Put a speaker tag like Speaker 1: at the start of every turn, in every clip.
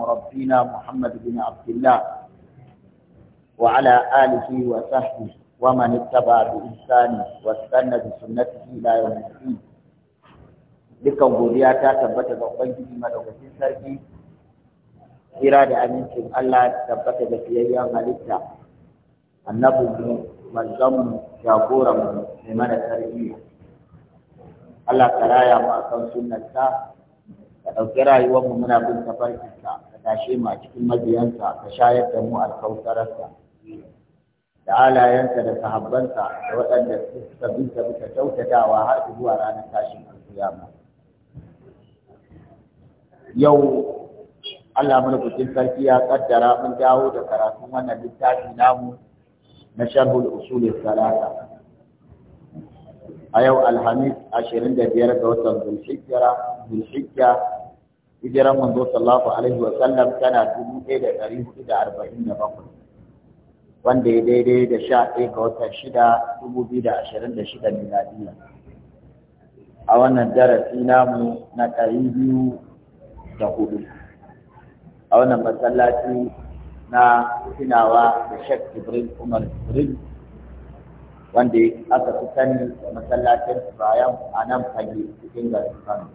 Speaker 1: ومربينا محمد بن عبد الله وعلى آله وصحبه ومن اتبع بإحسان واستنى بسنته إلى يوم الدين dukkan godiya ta tabbata ga Ubangiji madaukakin sarki kira da amincin Allah tabbata ga fiyayyen halitta annabi mu manzon jagoran mu mai mana tarbiyya Allah karaya raya mu akan sunnarsa ka ɗauki mu muna bin tafarkinsa ka tashe mu a cikin mabiyansa ka shayar da mu alkautararsa da alayensa da sahabbansa da waɗanda suka bi ta bisa kyautatawa har zuwa ranar tashin alkiyama yau Allah mulkucin sarki ya kaddara mun dawo da karatun wannan littafi namu na sharhul usul salata a yau alhamis ashirin da biyar ga watan zulhijja hijiran manzo sallallahu alaihi wa sallam tana dubu ɗaya da ɗari hudu da arba'in da bakwai wanda ya daidai da sha ɗaya ga watan shida dubu biyu da ashirin da shida miladiya a wannan darasi namu na ɗari biyu da hudu a wannan masallaci na tunawa da shek Ibrahim Umar Ibrahim wanda aka fi sani da masallacin Ibrahim a nan fage cikin garin Kano.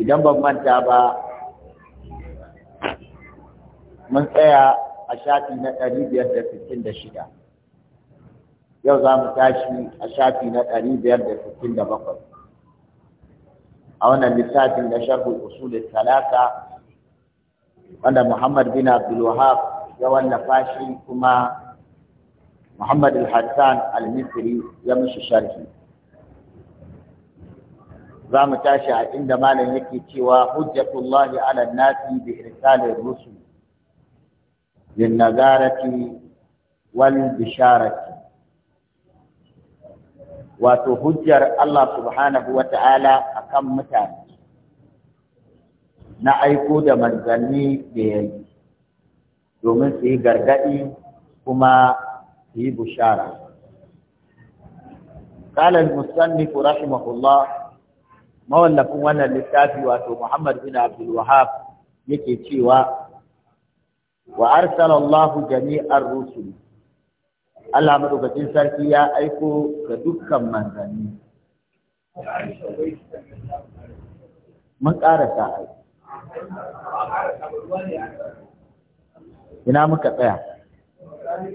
Speaker 1: Idan ban manta ba, mun tsaya a shafi na ɗari biyar da sittin da shida. Yau za mu tashi a shafi na ɗari biyar da sittin da bakwai. A wannan littafin da sharhu usulul talaka wanda Muhammad bin Abdul Wahab ya wallafa shi kuma Muhammad al-Hassan al-Misri ya mishi sharhi za mu tashi a inda malam yake cewa hujjatullahi ala nasi bi irsalir rusul lin nazarati wal bisharati wato hujjar Allah subhanahu wa ta'ala akan mutane na aiko da manzanni da yayi domin su yi gargadi kuma yi bushara qala al-musannif rahimahullah mawallafin wannan littafi wato Muhammad bin Abdulwahab Wahhab yake cewa wa arsala Allahu jami'ar rusul Allah sarki ya aiko ga dukkan manzanni mun karasa ai ina muka tsaya ɗari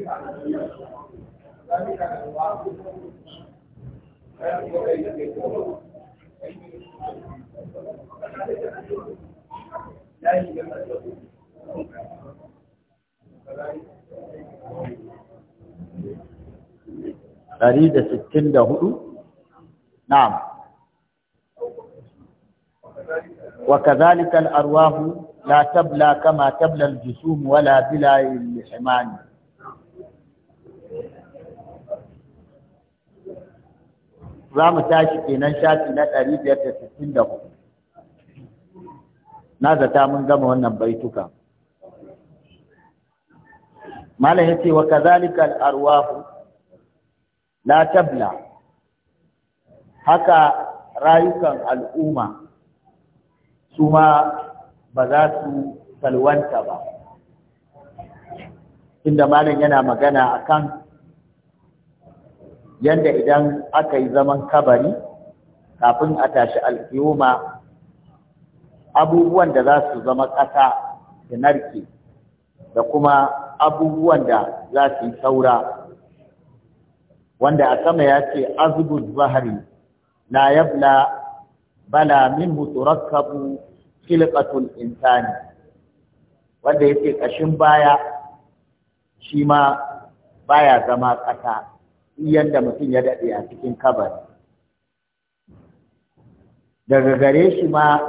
Speaker 1: da sittin da hudu na'am wa kazalika al-arwahu la tabla kama tablar al-jusum wala bila al za mu tashi kenan shafi na ɗari biyar da sittin da hudu na zata mun gama wannan baituka malam yace wa kazalika al arwah la tabla haka rayukan al'umma su ma ba za su salwanta ba inda malam yana magana akan yanda idan aka yi zaman kabari kafin a tashi alkiyuma abubuwan da za su zama ƙasa da narke da kuma abubuwan da za su yi saura wanda a sama ya ce azubu zahari la yabla bala min turakkabu khilqatul insani wanda yake ƙashin baya shi ma baya zama ƙasa yadda mutum ya daɗe a cikin kabari daga gare shi ma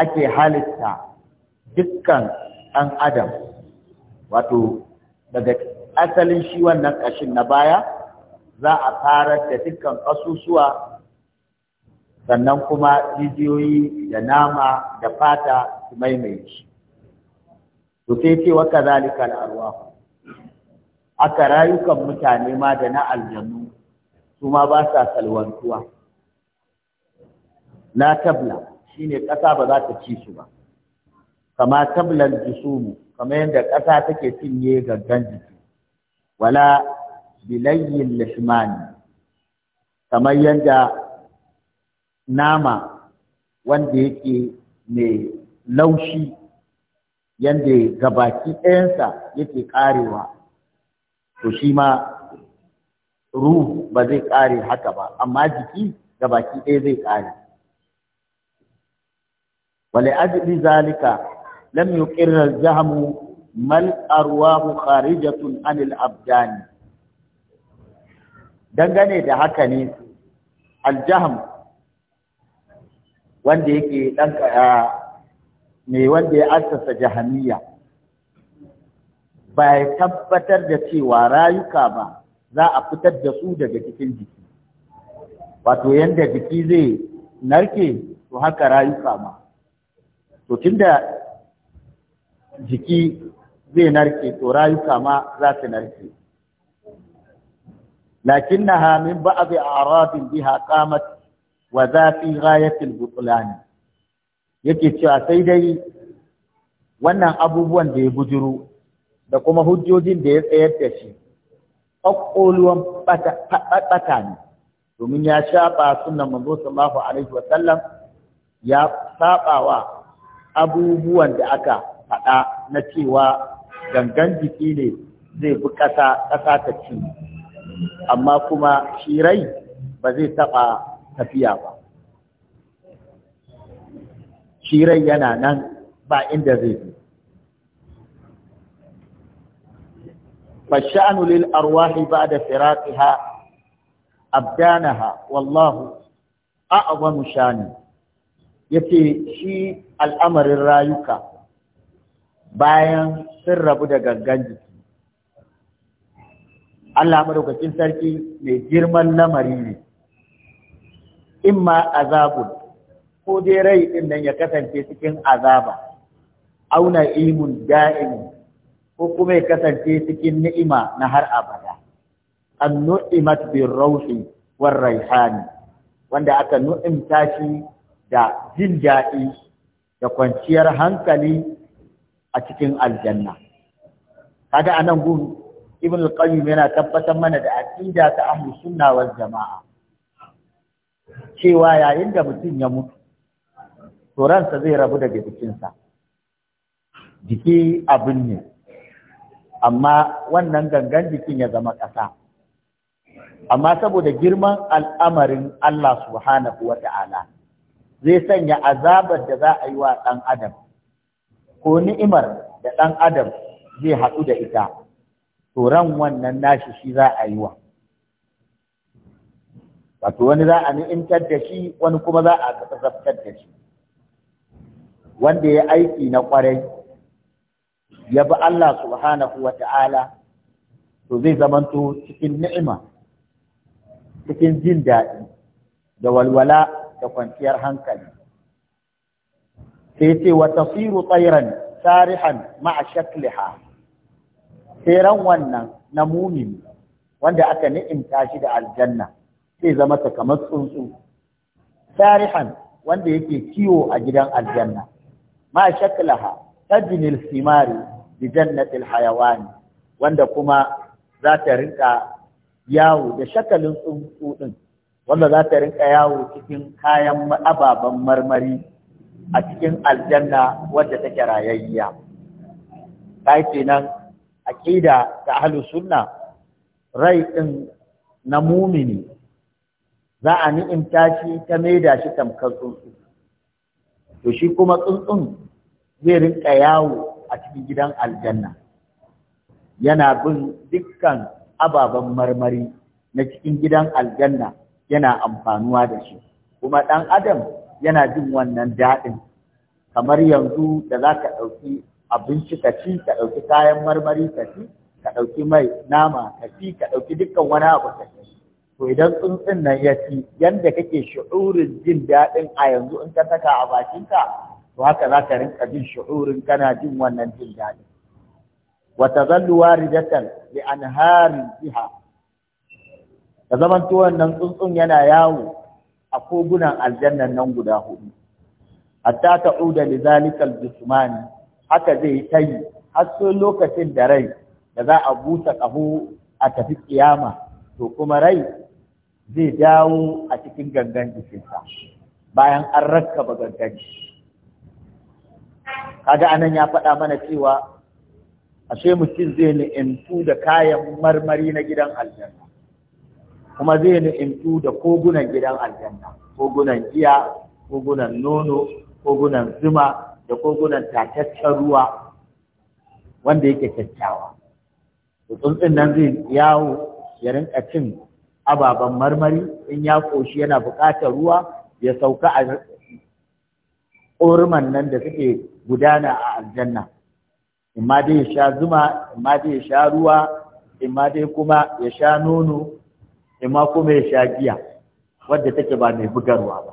Speaker 1: ake halitta dukkan ɗan adam wato daga asalin shi wannan ƙashin na baya za a farar da dukkan ƙasusuwa sannan kuma jijiyoyi da nama da fata su maimaici to sai ce wa kazalika al aka rayukan mutane ma da na aljannu su ma ba sa salwantuwa la tabla shine ƙasa ba za ta ci su ba kama tablan jisumu Kama yadda ƙasa take cinye gangan jiki wala bilayyin lishmani Kama yadda nama wanda yake mai laushi yadda gabaki ɗayansa yake ƙarewa to shi ma ruhu ba zai ƙare haka ba amma jiki ga baki ɗaya zai ƙare wale ajli zalika lam yuqirra jahmu mal arwahu kharijatun anil abdani dangane da haka ne aljaham wanda yake dan ah, mai wanda ya assasa jahamiya ba ya tabbatar da cewa rayuka ba za a fitar da su daga cikin jiki wato yanda jiki zai narke to haka rayuka ma to tunda jiki zai narke to rayuka ma za su narke lakinnaha min ba'd a'radin biha qamat wa za fi ghayatil yake cewa sai dai wannan abubuwan da ya bujuru da kuma hujjojin da ya tsayar da shi ƙwaƙƙoluwan ɓata ne domin ya shaɓa sunan manzo sallallahu alaihi wa sallam ya wa abubuwan da aka faɗa na cewa gangan jiki ne zai bi ƙasa ƙasa ta ci amma kuma Shirai rai ba zai taɓa tafiya ba Shirai yana nan ba inda zai bi فالشأن للأرواح بعد فراقها أبدانها والله أعظم شأن yace shi al'amarin rayuka bayan sun rabu da gangan jiki Allah madaukakin sarki mai girman lamari ne ma azabun ko dai rai din nan ya kasance cikin azaba auna imun da'im ko kuma ya kasance cikin ni'ima na har abada an nu'imat bi rauhi war raihani wanda aka nu'imta shi da jin daɗi da kwanciyar hankali a cikin aljanna kaga anan gun ibn al-qayyim yana tabbatar mana da aqida ta ahlus sunna wal jamaa cewa yayin da mutum ya mutu to ransa zai rabu daga jikinsa jiki abin ne amma wannan gangan jikin ya zama ƙasa amma saboda girman al'amarin Allah subhanahu wa ta'ala zai sanya azabar da za a yi wa ɗan adam ko ni'imar da ɗan adam zai haɗu da ita to ran wannan nashi shi za a yi wa wato wani za a ni'imtar da shi wani kuma za a kasaftar da shi wanda ya aiki na ƙwarai ya Allah subhanahu wa ta'ala to zai zamanto cikin ni'ima cikin jin daɗi da walwala da kwanciyar hankali sai ce wa tasiru tsairan tarihan ma'a shakliha tseren wannan na mumini wanda aka ni'imta shi da aljanna sai zama ta kamar tsuntsu Tarihan wanda yake kiwo a gidan aljanna ma'a shakliha tajnil simari bi jannatil hayawan wanda kuma za ta rinka yawo da shakalin tsuntsu din wanda za ta rinka yawo cikin kayan ababen marmari a cikin aljanna wadda take rayayya kai kenan aqida ta ahlus sunna rai din na mumini za a ni'imta shi ta maida shi tamkar tsuntsu to shi kuma tsuntsun zai rinka yawo a cikin gidan aljanna yana bin dukkan ababen marmari na cikin gidan aljanna yana amfanuwa da shi kuma ɗan adam yana jin wannan daɗin kamar yanzu da za ka ɗauki abinci ka ci ka ɗauki kayan marmari ka ci ka ɗauki mai nama ka ci ka ɗauki dukkan wani abu ka ci to idan tsuntsun nan ya ci yadda kake shu'urin jin daɗin a yanzu in ka saka a bakinka to haka za ka rinka jin shu'urin kana jin wannan jin daɗi wa tazallu waridatan li anhari biha ka zamanto wannan tsuntsun yana yawo a kogunan aljannan nan guda hudu A ta li zalika al haka zai yi tayi har sai lokacin da rai da za a busa ƙaho a tafi kiyama to kuma rai zai dawo a cikin gangan jikinsa bayan an rakkaba gangan jiki kaga anan ya faɗa mana cewa ashe mutum zai ni'imtu da kayan marmari na gidan aljanna kuma zai ni'imtu da kogunan gidan aljanna kogunan giya kogunan nono kogunan zuma da kogunan tataccen ruwa wanda yake kyakkyawa tsuntsun nan zai yawo ya rinka cin ababen marmari in ya koshi yana buƙatar ruwa ya sauka a ƙorman nan da suke gudana a aljanna in ma dai ya sha zuma in ma dai ya sha ruwa in ma dai kuma ya sha nono in ma kuma ya sha giya wadda take ba mai bugarwa ba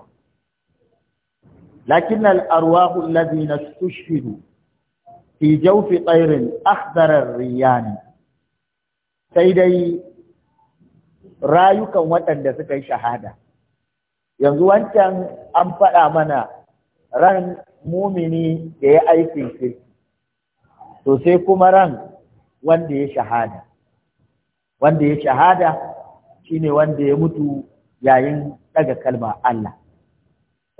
Speaker 1: lakin al-arwahu alladhina istushhidu fi jawfi tsairin akhdarar riyani sai dai rayukan waɗanda suka yi shahada yanzu wancan an faɗa mana ran mumini da ya aikin kirki to sai kuma ran wanda ya shahada wanda ya shahada shine wanda ya mutu yayin daga kalma Allah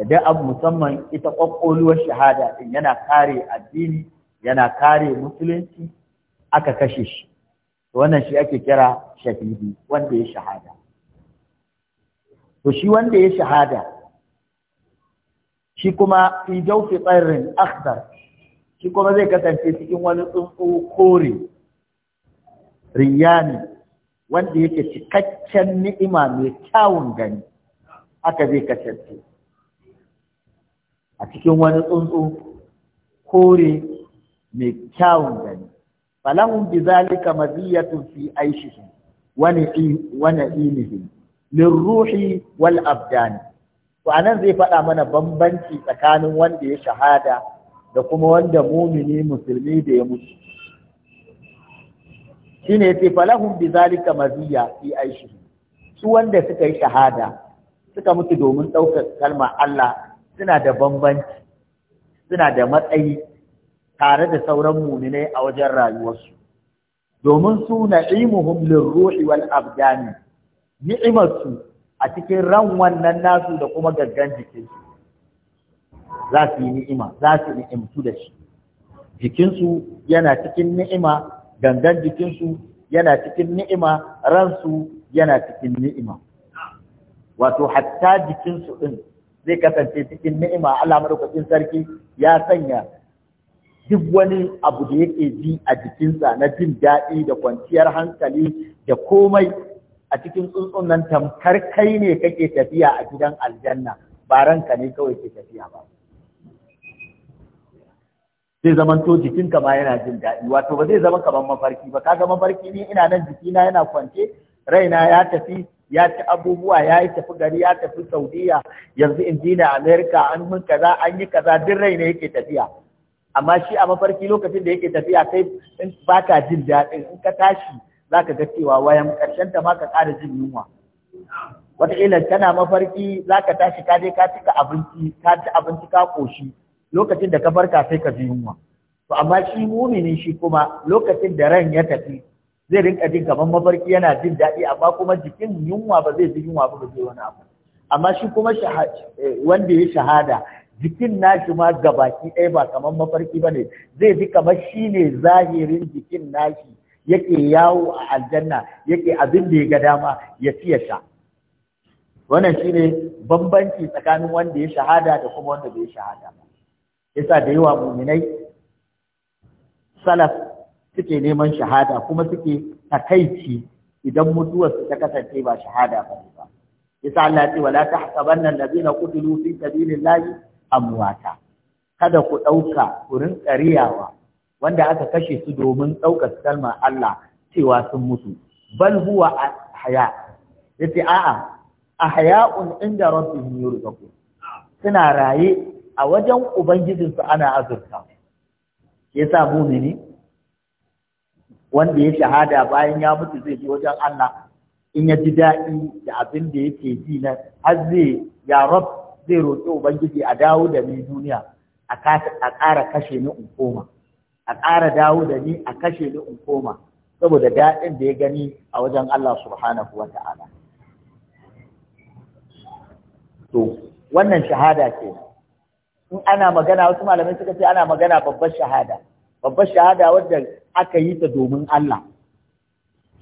Speaker 1: da abu musamman ita kwakwalwar shahada din yana kare addini yana kare musulunci aka kashe shi wannan shi ake kira shahidi wanda ya shahada to shi wanda ya shahada shi kuma fi jawfi tsarin akhdar shi kuma zai kasance cikin wani tsuntsu kore riyani wanda yake cikakken ni'ima mai kyawun gani aka zai kasance a cikin wani tsuntsu kore mai kyawun gani falahun bi zalika maziyatun fi aishihi wa na'ihi lirruhi wal abdani to anan zai faɗa mana bambanci tsakanin wanda ya shahada da kuma wanda mumini musulmi da ya mutu shine yace falahum Zalika, maziya fi aishi su wanda suka yi shahada suka mutu domin ɗaukar kalmar Allah suna da bambanci suna da matsayi tare da sauran muminai a wajen rayuwarsu domin su na'imuhum lirruhi wal abdani ni'imarsu a cikin ran wannan nasu da kuma gaggan jikinsu za su yi ni'ima za su ni'imtu da shi jikinsu yana cikin ni'ima gangan jikinsu yana cikin ni'ima ransu yana cikin ni'ima wato hatta jikinsu ɗin zai kasance cikin ni'ima Allah madaukakin sarki ya sanya duk wani abu da yake ji a jikinsa na jin daɗi da kwanciyar hankali da komai a cikin tsuntsun nan tamkar kai ne kake tafiya a gidan aljanna ba ranka ne kawai ke tafiya ba zai zaman to jikinka ma yana jin daɗi wato ba zai zama kamar mafarki ba kaga mafarki ne ina nan jikina yana kwance raina ya tafi ya ci abubuwa ya yi tafi gari ya tafi saudiya yanzu in ji na amerika an mun kaza an yi kaza duk raina yake tafiya amma shi a mafarki lokacin da yake tafiya kai in ba jin daɗin in ka tashi za ka ga cewa wayan ƙarshen ta ma ka ƙara jin yunwa wataƙila tana mafarki za ka tashi ka je ka cika abinci ka ci abinci ka ƙoshi lokacin da ka farka sai ka ji yunwa to amma shi mumini shi kuma lokacin da ran ya tafi zai rinka jin kamar mafarki yana jin daɗi amma kuma jikin yunwa ba zai ji yunwa ba ba zai wani abu amma shi kuma eh, wanda ya shahada jikin nashi ma gabaki ɗaya ba kamar mafarki ba ne zai ji kamar shi ne zahirin jikin nashi yake yawo a aljanna yake abin da ya ga dama ya ci ya sha wannan shine bambanci tsakanin wanda ya shahada da kuma wanda bai shahada ba yasa da yawa muminai salaf suke neman shahada kuma suke takaici idan mutuwar su ta kasance ba shahada ba ne ba yasa Allah ya ce wala tahsabanna allazina qutilu fi sabilillahi amwata kada ku dauka ku rinka riyawa wanda aka kashe su domin ɗaukar kalmar Allah cewa sun mutu bal huwa ahya yace a'a ahya'un inda rabbihim yurzaqun suna raye a wajen ubangijinsu ana azurta yasa mumini wanda ya shahada bayan ya mutu zai je wajen Allah in ya ji daɗi da abin da yake ji na har zai ya rab zai roƙi ubangiji a dawo da ni duniya a ƙara kashe ni in koma a ƙara dawo da ni a kashe ni in koma saboda daɗin da ya gani a wajen Allah subhanahu wa ta'ala to wannan shahada ce in ana magana wasu malamai suka ce ana magana babbar shahada babbar shahada wadda aka yi ta domin Allah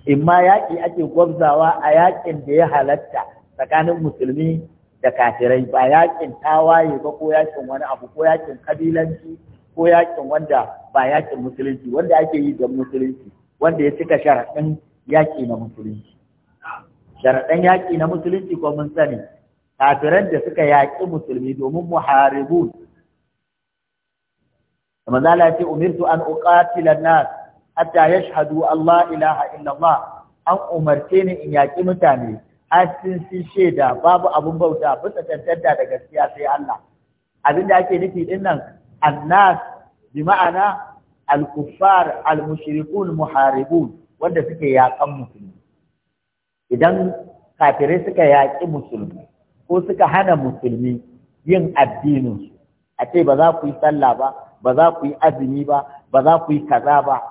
Speaker 1: in ma yaƙi ake gwabzawa a yaƙin da ya halatta tsakanin musulmi da kafirai ba yaƙin tawaye ba ko yaƙin wani abu ko yaƙin kabilanci ko yakin wanda ba yakin musulunci wanda ake yi don musulunci wanda ya cika sharaɗin yaƙi na musulunci sharaɗin yaƙi na musulunci ko mun sani kafiran da suka yaƙi musulmi domin muharibun manzo Allah ce umirtu an uqatila nas hatta yashhadu Allah ilaha Allah an umarce ni in yaƙi mutane har sun shi shaida babu abun bauta bisa tantanta da gaskiya sai Allah abin da ake nufi din annas bima'ana al-kuffar al-mushrikun muharibun wanda suke yakan musulmi idan kafirai suka yaƙi musulmi ko suka hana musulmi yin addininsu a ce ba za ku yi sallah ba ba za ku yi azumi ba ba za ku yi kaza ba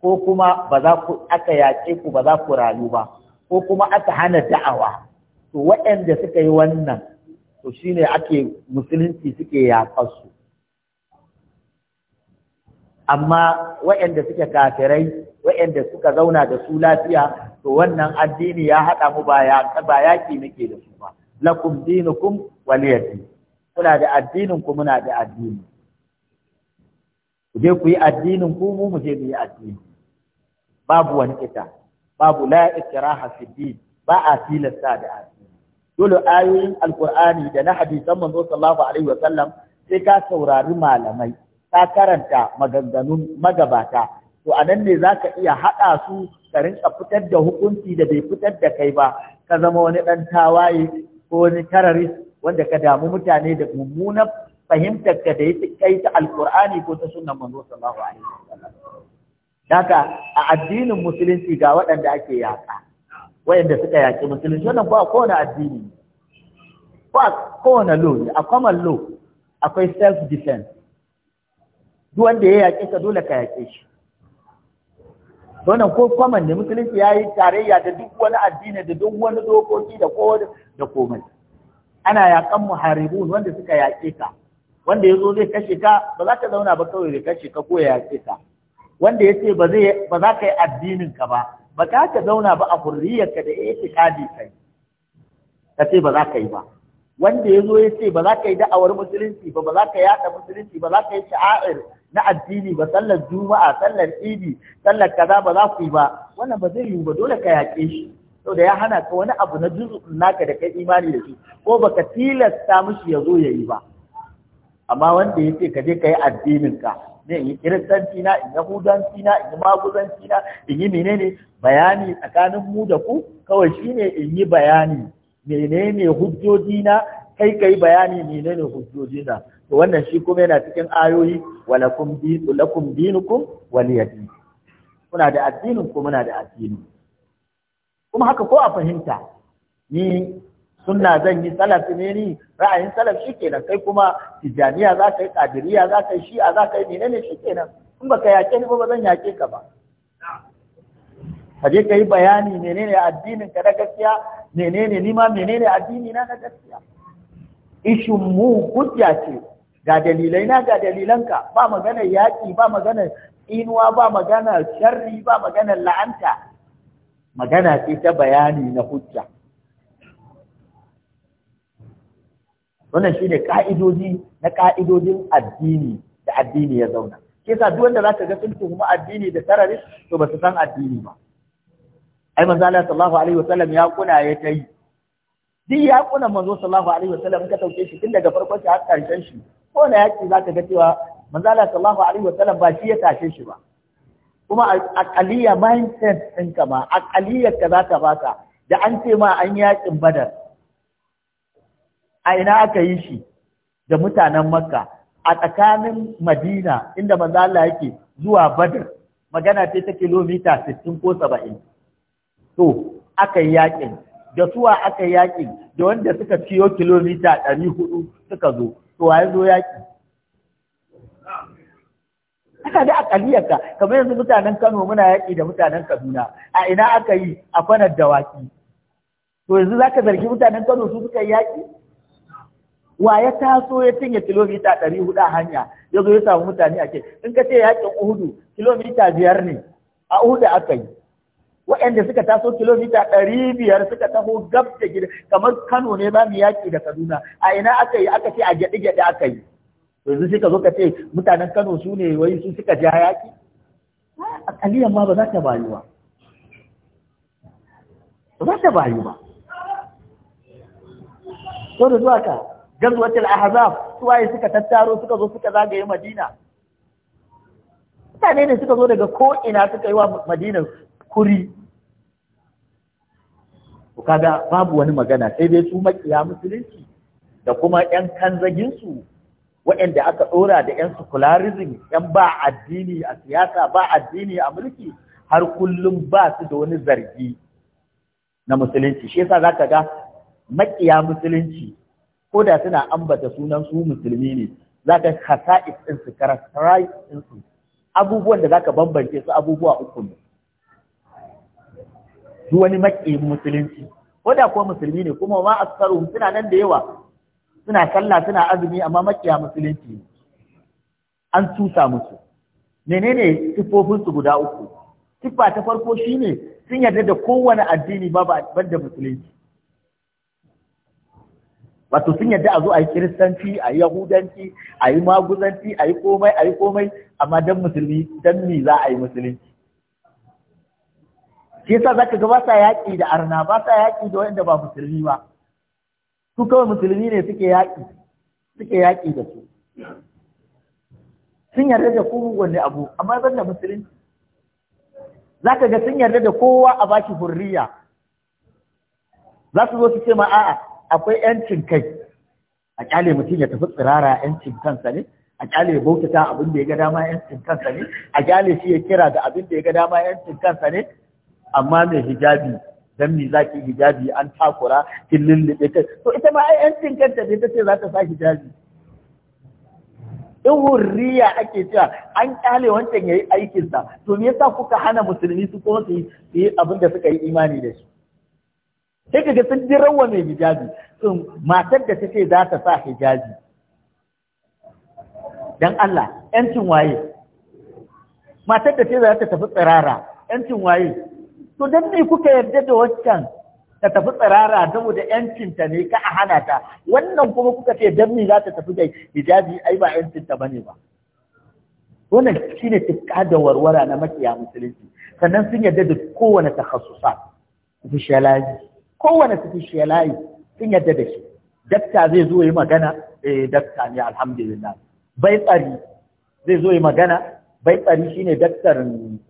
Speaker 1: ko kuma ba za ku aka yaƙe ku ba za ku rayu ba ko kuma aka hana da'awa to waɗanda suka yi wannan to shine ake musulunci suke su amma waɗanda suke kafirai waɗanda suka zauna da su lafiya to wannan addini ya haɗa mu ba yaƙi nake da su ba lakum dinukum waliyati kuna da addinin ku muna da addini ku je ku yi addinin ku mu mu je mu yi addini babu wani ita, babu la ikraha fi din ba a tilasta da addini dole ayoyin alqur'ani da na hadisan manzo sallallahu alaihi wa sallam sai ka saurari malamai ka karanta maganganun magabata to a nan ne za ka iya haɗa su ka rinka fitar da hukunci da bai fitar da kai ba ka zama wani ɗan tawaye ko wani tararis wanda ka damu mutane da mummunan fahimtar ka da yake kai ta alkur'ani ko ta sunan manzo sallallahu alaihi wasallam daga a addinin musulunci ga waɗanda ake yaƙa waɗanda suka yaƙi musulunci wannan ba kowane addini ba kowane lo a common akwai self defense duk wanda ya yaƙe ka dole ka yaƙe shi wannan ko kwaman da musulunci ya yi tarayya da duk wani addini da duk wani dokoki da kowane da komai ana yaƙan muharibun wanda suka yaƙe ka wanda ya zo zai kashe ka ba za ka zauna ba kawai da kashe ka ko ya yaƙe ka wanda ya ce ba za ka yi addinin ka ba ba ka ka zauna ba a hurriyar ka da ya yi ka ce ba za ka yi ba wanda ya zo ya ce ba za ka yi da'awar musulunci ba ba za ka yaɗa musulunci ba za ka yi sha'air na addini ba sallar juma'a sallar idi sallar kaza ba za ku yi ba wannan ba zai yiwu ba dole ka yaƙe shi da ya hana ka wani abu na juzu'un naka da kai imani da shi ko baka tilasta mishi ya zo ya yi ba amma wanda ya ce ka je ka yi addinin ka ne in yi kiristanci na in yahudanci na in yi maguzanci na in yi menene bayani tsakanin mu da ku kawai shine in yi bayani menene hujjojina kai kai bayani menene hujjojina to wannan shi kuma yana cikin ayoyi walakum dinu lakum dinukum waliyadi kuna da addinin ko muna da addini kuma haka ko a fahimta ni sunna zan yi salafi ne ni ra'ayin salaf shikenan kai kuma tijaniya za ka yi kadiriya za ka yi shi'a za ka yi menene shikenan in baka yake ni ba zan yake ka ba ka je ka yi bayani menene addinin ka na gaskiya menene nima menene addini na na gaskiya ishin mu hujja ce ga dalilai na ga dalilanka ba magana yaƙi ba magana inuwa ba magana sharri ba magana la'anta magana ce ta bayani na hujja wannan shi ne na ƙa'idojin addini da addini ya zauna. kisa duk wanda za ka ga sun tuhumi addini da tararis to ba su san addini ba. ai manzo Allah sallallahu alaihi wasallam ya kuna ya tai din ya kuna manzo sallallahu alaihi wasallam ka dauke shi tun daga farkon shi har karshen shi ko na yaki zaka ga cewa manzo Allah sallallahu alaihi wasallam ba shi ya tashe shi ba kuma aqaliya mindset ka ma aqaliya ka zaka baka da an ce ma an yakin badar a ina aka yi shi da mutanen makka a tsakanin madina inda manzo Allah yake zuwa badar magana ce ta kilomita 60 ko 70 to aka yi yaƙin da suwa aka yi yaƙin da wanda suka ciyo kilomita ɗari hudu suka zo to waye zo yaƙi haka da ka kamar yanzu mutanen Kano muna yaƙi da mutanen Kaduna a ina aka yi a fanar dawaki to yanzu zaka zargi mutanen Kano su suka yi yaƙi wa ya taso ya cinye kilomita ɗari hudu a hanya ya zo ya samu mutane a ke in ka ce yaƙin Uhudu kilomita biyar ne a Uhudu aka yi waɗanda suka taso kilomita ɗari biyar suka taho gab da gida kamar Kano ne ba mu yaƙi da Kaduna a ina aka yi aka ce a gyaɗe gyaɗe aka yi yanzu sai ka zo ka ce mutanen Kano su ne wai su suka ja yaƙi a kaliyan ma ba za ta bayu ba ba za ta bayu ba to da zuwa ka gazwatul ahzab suwaye suka tattaro suka zo suka zagaye Madina mutane ne suka zo daga ko ina suka yi wa Madina kuri to kaga babu wani magana sai dai su makiya musulunci da kuma ƴan kanzaginsu, su waɗanda aka ɗora da ƴan secularism ƴan ba addini a siyasa ba addini a mulki har kullum ba su da wani zargi na musulunci shi yasa zaka ga makiya musulunci ko da suna ambata sunan su musulmi ne zaka hasa'is din su din su abubuwan da zaka bambance su abubuwa uku ne duk wani maƙiyin musulunci ko da kuwa musulmi ne kuma ma asaru suna nan da yawa suna sallah suna azumi amma maƙiya musulunci ne an tusa musu menene sifofin su guda uku siffa ta farko shine sun yarda da kowane addini ba da musulunci wato sun yarda a zo a yi kiristanci a yi yahudanci a yi maguzanci a yi komai a yi komai amma dan musulmi dan me za a yi musulunci shi yasa zaka ga ba sa yaƙi da arna ba sa yaƙi da wanda ba musulmi ba su kawai musulmi ne suke yaƙi suke yaƙi da su sun yarda da ku wani abu amma ban da musulunci zaka ga sun yarda da kowa a baki hurriya za su zo su ce ma a'a akwai yancin kai a kyale mutum ya tafi tsirara yancin kansa ne a kyale bautata abin da ya ga dama yancin kansa ne a kyale shi ya kira da abin da ya ga dama yancin kansa ne amma mai hijabi dan me ki hijabi an takura kin lullube kai to ita ma ai yancin kanta ne ce za ta sa hijabi in hurriya ake cewa an kyale wancan ya yi aikinsa, to me yasa kuka hana musulmi su kuma su yi abin da suka yi imani da shi sai kaga sun ji rawa mai hijabi sun matar da ta ce za ta sa hijabi dan Allah yancin waye matar da ce za ta tafi tsirara yancin waye to dan me kuka yarda da waccan ta tafi tsirara saboda yancinta ne ka a hana ta wannan kuma kuka ce dan me za ta tafi da hijabi ai ba yancinta bane ba wannan shine tukka da warwara na makiya musulunci sannan sun yarda da kowane takhassusa officialize kowane officialize sun yarda da shi dakta zai zo yi magana eh dakta ne alhamdulillah bai tsari zai zo yi magana bai tsari shine daktar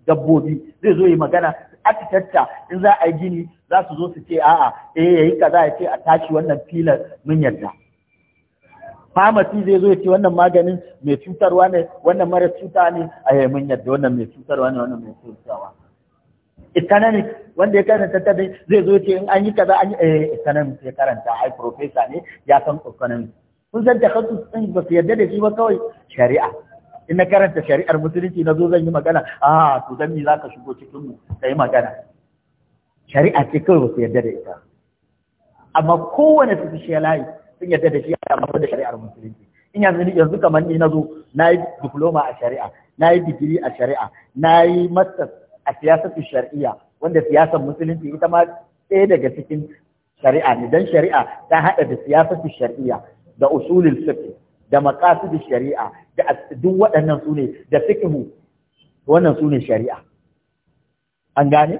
Speaker 1: dabbobi zai zo yi magana architecture in za a yi gini za su zo su ce a'a eh yayi kaza ya ce a tashi wannan filar mun yarda famasi zai zo ya ce wannan maganin mai cutarwa ne wannan mara cuta ne a yayi mun yarda wannan mai cutarwa ne wannan mai cutarwa economic wanda ya karanta dai zai zo ya ce in an yi kaza an yi eh economic ya karanta ai professor ne ya san economic kun san takhasus din ba su yarda da shi ba kawai shari'a in na karanta shari'ar musulunci na zo zan yi magana a ah, to dan me zaka shigo cikin mu yi magana shari'a ce kawai ba su yarda da ita amma kowane su shi layi sun yarda da shi a mafi da shari'ar musulunci in yanzu yanzu kamar ni na zo na yi diploma a shari'a na yi digiri a shari'a na yi master a siyasar shari'a wanda siyasar musulunci ita ma ɗaya daga cikin shari'a ne dan shari'a ta haɗa da siyasar shari'a da usulul fiqh da maqasid shari'a da duk waɗannan su ne da fiqhu wannan su ne shari'a an gane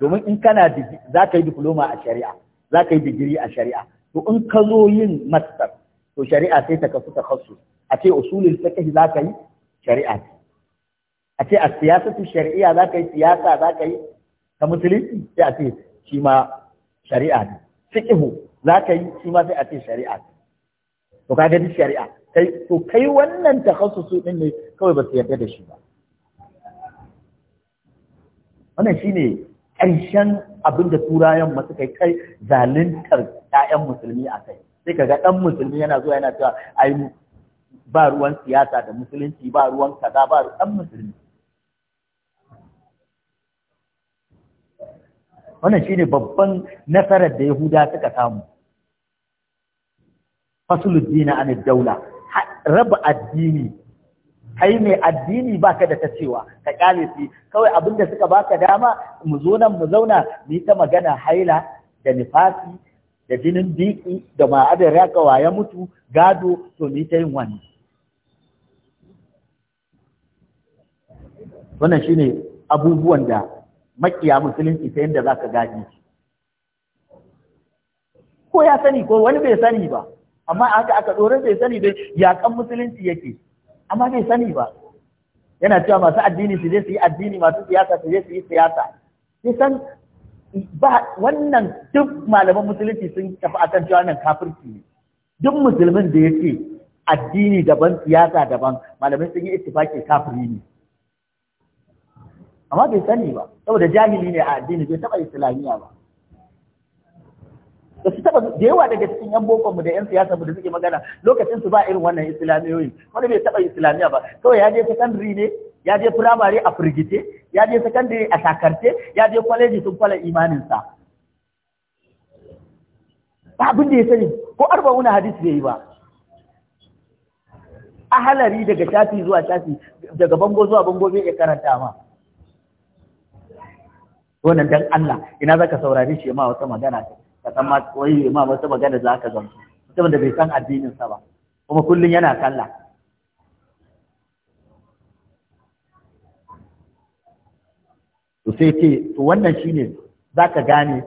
Speaker 1: domin in kana za ka yi diploma a shari'a za ka yi digiri a shari'a to in ka zo yin master to shari'a sai ta kasu ta takhassus a ce usulul fiqh za ka yi shari'a a ce a siyasatu shari'a za ka yi siyasa za ka yi ta musulunci sai a ce shi ma shari'a ne fiqh za ka yi shi ma sai a ce shari'a ne to kaga duk shari'a kai to kai wannan takhassusu din ne kawai ba su yarda da shi ba wannan shine ƙarshen abin da turayen masu kai kai zaluntar ƴaƴan musulmi a kai sai kaga ɗan musulmi yana zuwa yana cewa ai ba ruwan siyasa da musulunci ba ruwan kaza ba ɗan musulmi wannan shine babban nasarar da yahuda suka samu dina an daula raba addini kai mai addini baka da ta cewa ka kyale kawai abin da suka baka dama mu zo nan mu zauna mu yi ta magana haila da nifasi da jinin biki da ma'adar ya kawa ya mutu gado to mu ta yin wani wannan shine abubuwan da makiya musulunci ta yadda zaka gaji ko ya sani ko wani bai sani ba amma haka aka tsoron bai sani dai kan musulunci yake amma bai sani ba yana cewa masu addini su je su yi addini masu siyasa su je su yi siyasa sai san ba wannan duk malaman musulunci sun tafi akan cewa nan kafirci ne duk musulmin da yake addini daban siyasa daban malamai sun yi ittifaki kafiri ne amma bai sani ba saboda jahili ne a addini bai taɓa islamiyya ba da su taba da yawa daga cikin yan boko mu da yan siyasa mu da suke magana lokacin su ba irin wannan islamiyoyin wani bai taba islamiya ba kawai ya je secondary ne ya je firamare a firgite ya je secondary a takarce ya je kwaleji sun imanin imaninsa ba abin da ya sani ko arba'una hadisi bai yi ba ahalari daga shafi zuwa shafi daga bango zuwa bango bai karanta ma wannan dan Allah ina zaka saurare shi ma wata magana ta ka san ma wai ma wata magana za ka gamsu mutumin da bai san addinin sa ba kuma kullum yana sallah to sai ce to wannan shine zaka gane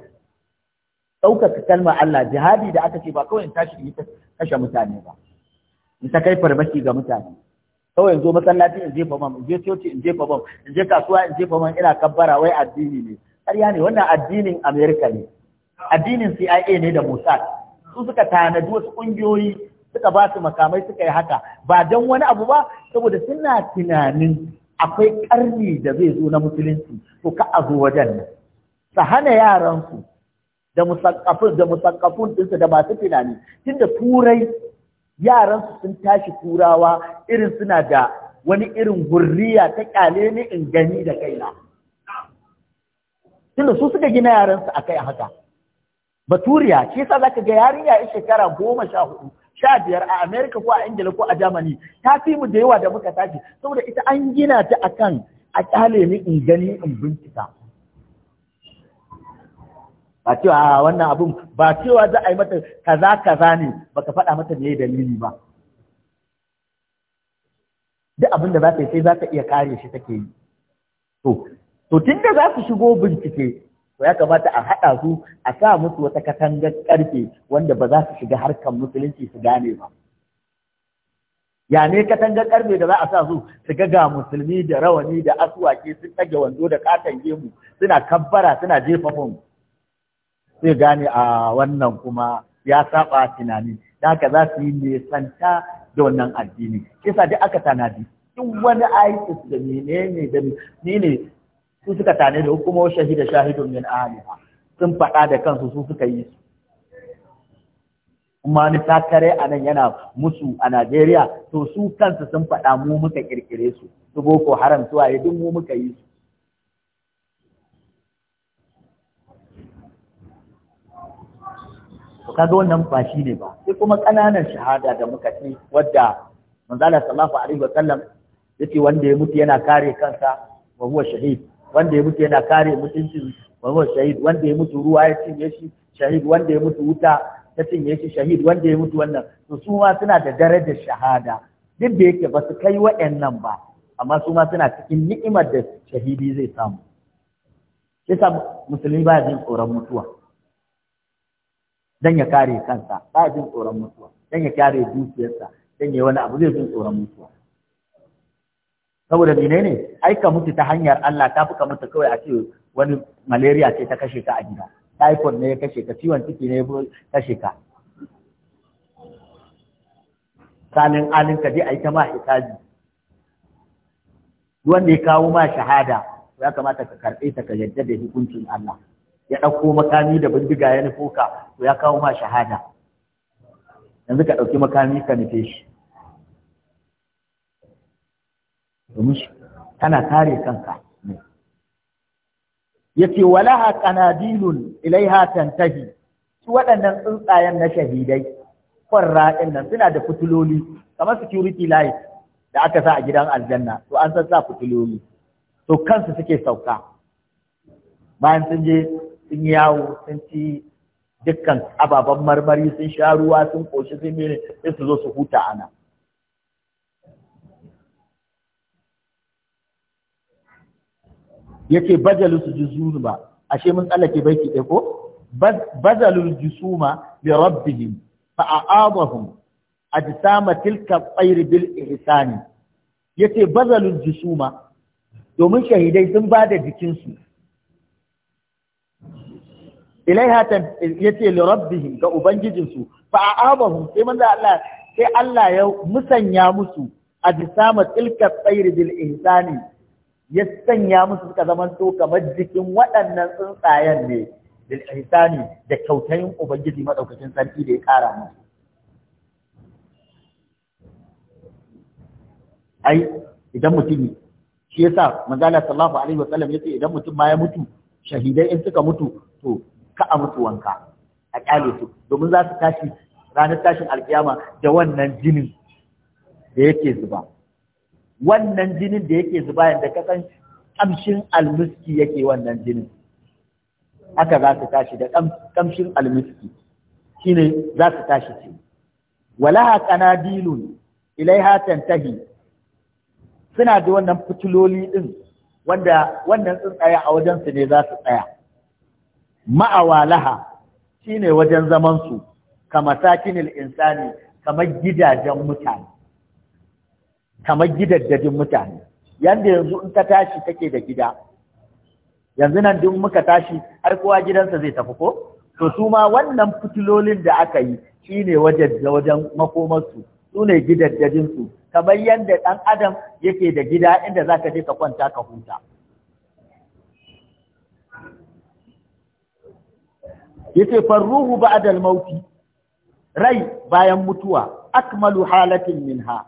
Speaker 1: ɗaukaka kalmar Allah jihadi da aka ce ba kawai in tashi in kashe mutane ba in ta kai farmaki ga mutane kawai in zo masallaci in jefa bam in je coci in jefa bam in je kasuwa in jefa bam ina kabbara wai addini ne ƙarya ne wannan addinin Amerika ne addinin CIA ne da Mossad su suka tanadi wasu ƙungiyoyi suka ba su makamai suka yi haka ba don wani abu ba saboda suna tunanin akwai ƙarni da zai zo na musulunci to ka a zo wajen nan su hana yaransu da musakafun da ɗinsu da masu tunani tunda turai yaransu sun tashi turawa irin suna da wani irin gurriya ta kyale ni in gani da kaina tunda su suka gina yaransu akai haka baturiya shi yasa zaka ga yarinya ya shekara goma sha hudu sha biyar a Amerika ko a Ingila ko a Germany ta fi mu da yawa da muka tashi saboda ita an gina ta akan a kyale ni in gani in bincika ba cewa wannan abun ba cewa za a yi mata kaza kaza ne baka faɗa mata me dalili ba duk abin da za ta yi sai za ta iya kare shi take yi to to tunda za ku shigo bincike to ya kamata a haɗa su a sa musu wata katangar ƙarfe wanda ba za su shiga harkar musulunci su gane ba ya ne katangar ƙarfe da za a sa su su ga ga musulmi da rawani da aswake sun ɗage wando da katon gemu suna kabbara suna jefa mun sai gane a wannan kuma ya saba tunani da haka za su yi nesanta da wannan addini kisa duk aka tanadi duk wani ISIS da menene da ne su suka tane da hukumo shahida shahidun min ahliha sun faɗa da kansu su suka yi su kuma ni takare a yana musu a Najeriya to su kansu sun faɗa mu muka kirkire su su boko haram su waye duk mu muka yi su to kaga wannan ba shi ne ba sai kuma ƙananan shahada da muka ci wadda manzala sallallahu alaihi wa sallam yace wanda ya mutu yana kare kansa wa huwa shahid wanda ya mutu yana kare mutuncin wani shahid wanda ya mutu ruwa ya cinye shi shahid wanda ya mutu wuta ta cinye shi shahid wanda ya mutu wannan to su ma suna da darajar shahada duk da yake ba su kai waɗannan ba amma su ma suna cikin ni'imar da shahidi zai samu yasa musulmi ba jin tsoron mutuwa dan ya kare kansa ba jin tsoron mutuwa dan ya kare dukiyarsa dan ya wani abu zai jin tsoron mutuwa saboda menene ai ka mutu ta hanyar Allah ta fi ka mutu kawai a ce wani malaria ce ta kashe ka a gida typhoid ne ya kashe ka ciwon ciki ne ya kashe ka sanin alin ka dai a yi ta ma hisabi wanda ya kawo ma shahada ya kamata ka karbe ta ka yadda da hukuncin Allah ya ɗauko makami da bindiga ya nufo ka ya kawo ma shahada yanzu ka ɗauki makami ka nufe shi domin kana kare kanka yace walaha qanadilun ilaiha tantahi su waɗannan tsuntsayen na shahidai kwarra nan suna da fituloli kamar security light da aka sa a gidan aljanna to an san sa fituloli to kansu suke sauka bayan sun je sun yi yawo sun ci dukkan ababen marmari sun sha ruwa sun koshi sun mene sai su zo su huta ana yace bajalus juzuma ashe mun tsallake baiti ɗaya ko bazalul jisuma bi rabbihim fa a'adahum ajsama tilka tsairi bil ihsani yace bazalul jisuma domin shahidai sun ba da jikinsu ilaiha yace li rabbihim ga ubangijinsu fa a'adahum sai manzo Allah sai Allah ya musanya musu ajsama tilka tsairi bil ihsani ya sanya musu suka to kamar jikin waɗannan tsuntsayen ne da ihsani da kyautayin ubangiji madaukakin sarki da ya ƙara musu ai idan mutum shi yasa manzala sallallahu alaihi wasallam yace idan mutum ma ya mutu shahidai in suka mutu to ka a mutu wanka a kyale su domin za su tashi ranar tashin alkiyama da wannan jinin da yake zuba wannan jinin da yake zuba yadda ka san kamshin almiski yake wannan jinin haka za su tashi da kamshin almiski shine za su tashi ce walaha qanadilun ilaiha tantahi suna da wannan fitiloli din wanda wannan tsaya a wajen su ne za su tsaya ma'awalaha shine wajen zaman su kama sakinil insani kamar gidajen mutane kamar gidaddadin mutane yanda yanzu in ka tashi kake da gida yanzu nan duk muka tashi har kowa gidansa zai tafi ko to su ma wannan fitilolin da aka yi shine wajen wajen makomarsu su ne gidaddadinsu kamar yadda ɗan adam yake da gida inda za ka je ka kwanta ka huta yace farruhu ba'dal mauti rai bayan mutuwa akmalu halatin minha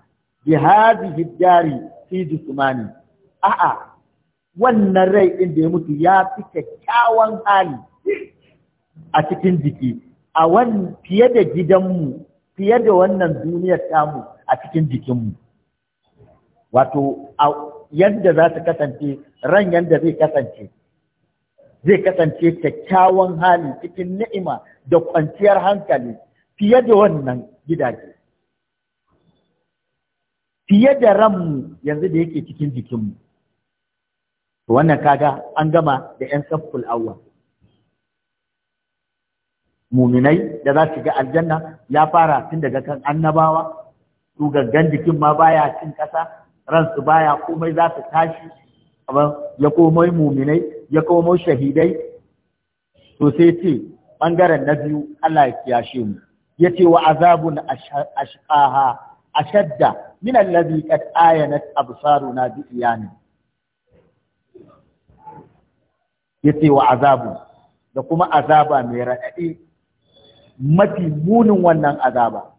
Speaker 1: bi hadhihi dari fi jismani a'a wannan rai ɗin da ya mutu ya fi kyakkyawan hali a cikin jiki a wani fiye da gidanmu fiye da wannan duniyar tamu a cikin jikinmu wato yadda za ta kasance ran yadda zai kasance zai kasance kyakkyawan hali cikin ni'ima da kwanciyar hankali fiye da wannan gidaje fiye da ranmu yanzu da yake cikin jikinmu wannan kaga an gama da ‘yan safkul awwa muminai da za su ga aljanna ya fara tun daga kan annabawa su gangan jikin ma baya cin ƙasa ransu baya komai za su tashi ya komai muminai ya komai shahidai to sai ce ɓangaren na biyu Allah ya kiyashe mu ya ce wa azabun ashqaha ashadda min allazi qad ayanat absaruna bi iyani
Speaker 2: yace wa azabu
Speaker 1: da kuma azaba mai raɗaɗi mafi munin wannan azaba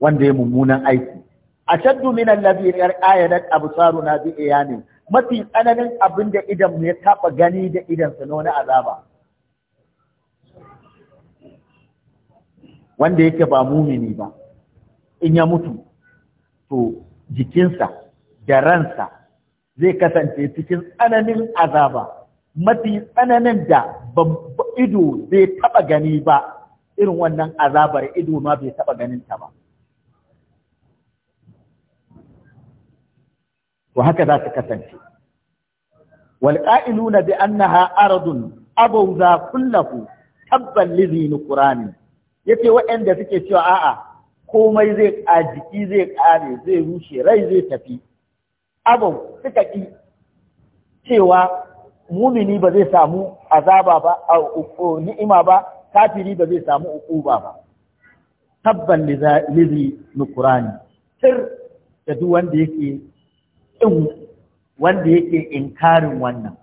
Speaker 1: wanda ya mummunan aiki ashaddu min allazi qad ayanat absaruna bi ne mafi tsananin abin da idan ya taɓa gani da idan na wani azaba wanda yake ba mumini ba in ya mutu to jikinsa da ransa zai kasance cikin tsananin azaba mafi tsananin da ido zai taba gani ba irin wannan azabar ido ma bai taba ganin ta ba to haka za su kasance والقائلون بأنها أرض أبوذا كله تبا لذي نقران Ya ce waɗanda suke cewa a'a komai zai a jiki zai ƙare zai rushe rai zai tafi abu suka ƙi cewa mumini ba zai samu azaba ba a ni'ima ba kafiri ba zai samu uquba ba tabban lizi nukurani sir da duk wanda yake in wanda yake inkarin wannan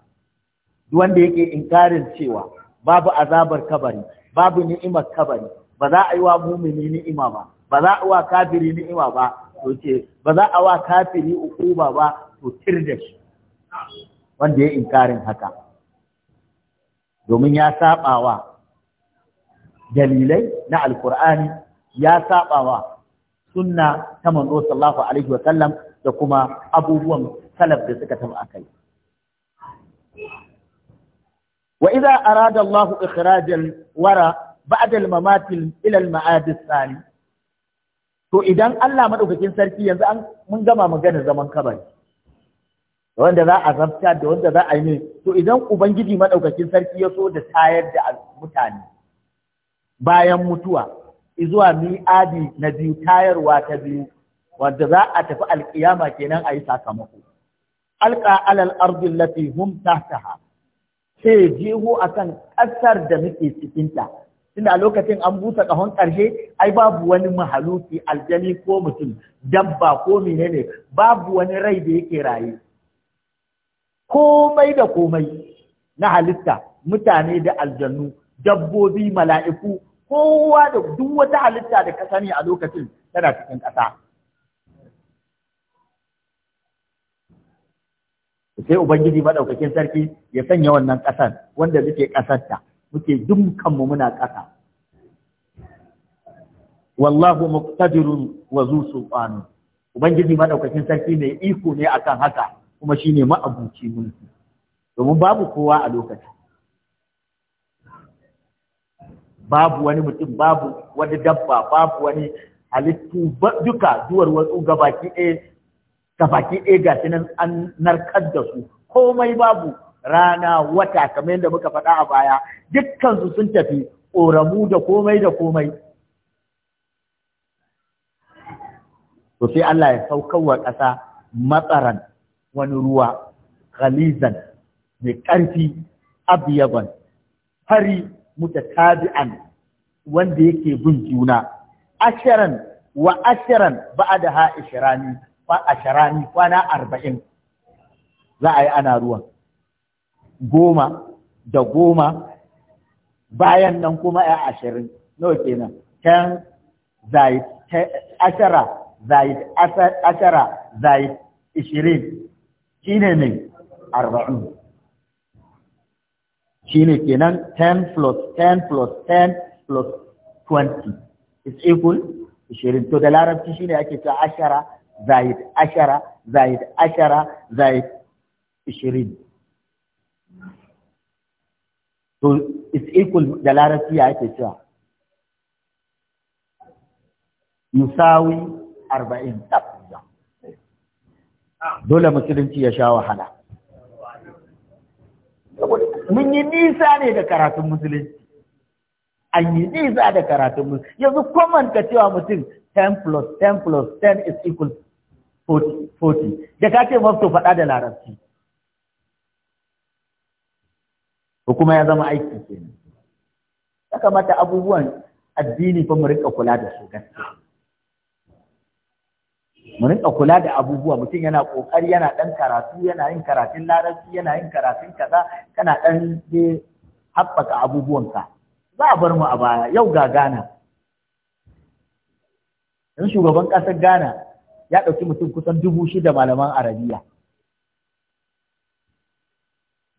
Speaker 1: duk wanda yake inkarin cewa babu azabar kabari babu ni'imar kabari ba za a yi wa mumini ni'ima ba ba za a wa kafiri ni'ima ba to ce ba za a wa kafiri ukuba ba to tir da shi wanda ya inkarin haka domin ya sabawa dalilai na alkur'ani ya sabawa sunna ta manzo sallallahu alaihi wa sallam da kuma abubuwan salaf da suka tafi akai wa idza arada Allah ikhrajal wara ba'da al-mamat ila al-ma'ad to idan Allah madaukakin sarki yanzu an mun gama magana zaman kabari wanda za a zabta da wanda za a yi ne to idan ubangiji madaukakin sarki ya so da tayar da mutane bayan mutuwa zuwa mi'adi na biyu tayarwa ta biyu wanda za a tafi alkiyama kenan a yi sakamako alqa alal ardi allati hum tahtaha sai jihu akan kasar da muke cikinta. tunda a lokacin an busa kahon ƙarshe ai babu wani mahaluki aljani ko mutum dabba ko menene babu wani rai da yake raye komai da komai na halitta mutane da aljannu dabbobi mala'iku kowa da duk wata halitta da ka sani a lokacin tana cikin ƙasa sai ubangiji madaukakin sarki ya sanya wannan ƙasar wanda suke ƙasarta muke dukkanmu muna kasa. wallahu muqtadirun wa zu sultan ubangiji madaukakin sarki mai iko ne akan haka kuma shine ma'abuci mulki domin babu kowa a lokaci babu wani mutum babu wani dabba babu wani halittu duka duwar wasu gabaki ɗaya gabaki ɗaya ga nan an narkar da su komai babu rana wata kamar yadda muka faɗa a baya dukkansu sun tafi ƙoramu da komai da komai to sai Allah ya saukar wa ƙasa matsaran wani ruwa ghalizan mai ƙarfi abiyagon fari mutatabi'an wanda yake bin juna ashirin wa ashirin ba'a da ha ishirani ba ashirani kwana arba'in za a yi ana ruwan goma da goma bayan nan kuma ya ashirin nawa kenan ten zai ashara zai ashara zai ishirin shi ne arba'in shi ne kenan ten plus ten plus ten plus twenty is equal ishirin to da larabci ne ake cewa ashara zai ashara zai ashara zai ishirin to it's equal da larabci ya ake cewa yusawi arba'in tafiya dole musulunci ya sha wahala mun yi nisa ne da karatun musulunci an yi nisa da karatun musulunci yanzu kwaman ka cewa mutum 10 plus 10 plus 10 is equal 40 da ka ce mafi faɗa da larabci ko kuma ya zama aiki kenan ya kamata abubuwan addini fa mu rinƙa kula da su gaskiya mu rinƙa kula da abubuwa mutum yana ƙoƙari, yana ɗan karatu yana yin karatun larabci yana yin karatun kaza kana ɗan je abubuwan abubuwanka za a bar mu a baya yau ga Ghana Yan shugaban ƙasar Ghana ya ɗauki mutum kusan dubu shida malaman arabiya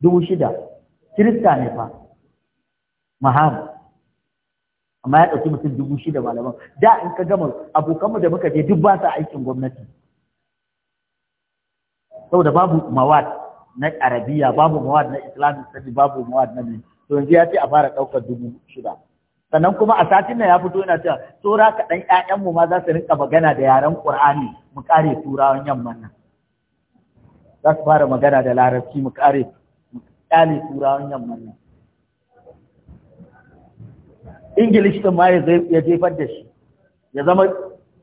Speaker 1: dubu shida kirista ne fa mahamu amma ya ɗauki mutum dubu shida malaman da in ka gama abokanmu da muka je duk ba sa aikin gwamnati saboda babu mawad na arabiya babu mawad na islamic study babu mawad na ne to yanzu ya ce a fara ɗaukar dubu shida sannan kuma a satin nan ya fito yana cewa tsora kaɗan ƴaƴanmu ma za su rinka magana da yaren ƙur'ani mu ƙare turawan yamman nan za su fara magana da larabci mu ƙare kyale turawan yamman nan ingilish din ma ya jefar da shi ya zama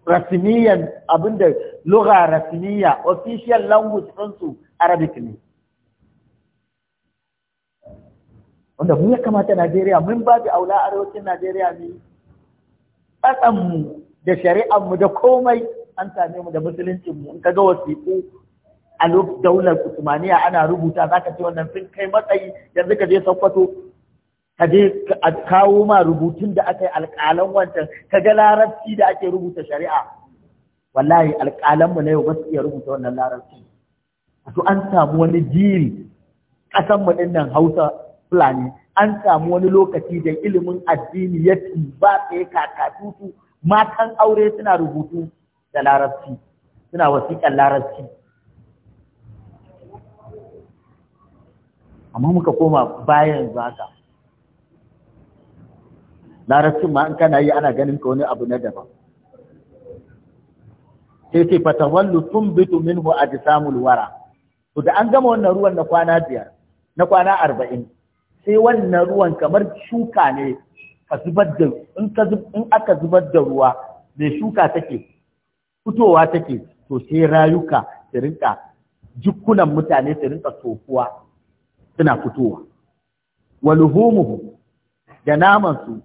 Speaker 1: rasmiyan abinda lugha rasmiya official language ɗinsu arabic ne wanda mu ya kamata Najeriya mun ba da aula arewacin Najeriya ne mu da shari'armu da komai an same mu da mu in kaga wasiƙu a daular Usmaniya ana rubuta za ka ce wannan sun kai matsayi yanzu ka je Sokoto ka je a kawo ma rubutun da aka yi alƙalan wancan ka ga larabci da ake rubuta shari'a wallahi alƙalan mu na yau ba su iya rubuta wannan larabci to an samu wani jiri ƙasan mu dinnan Hausa Fulani an samu wani lokaci da ilimin addini ya tumba tsaye tutu matan aure suna rubutu da larabci suna wasiƙan larabci amma muka koma bayan zaka larabcin ma in kana yi ana ganin ka wani abu na daban sai ce fatawallu tumbitu a ajsamul wara to da an gama wannan ruwan na kwana biyar na kwana arba'in sai wannan ruwan kamar shuka ne ka zubar da in aka zubar da ruwa mai shuka take fitowa take to sai rayuka su rinka jikunan mutane su rinka tofuwa suna fitowa wa luhumuhu da namansu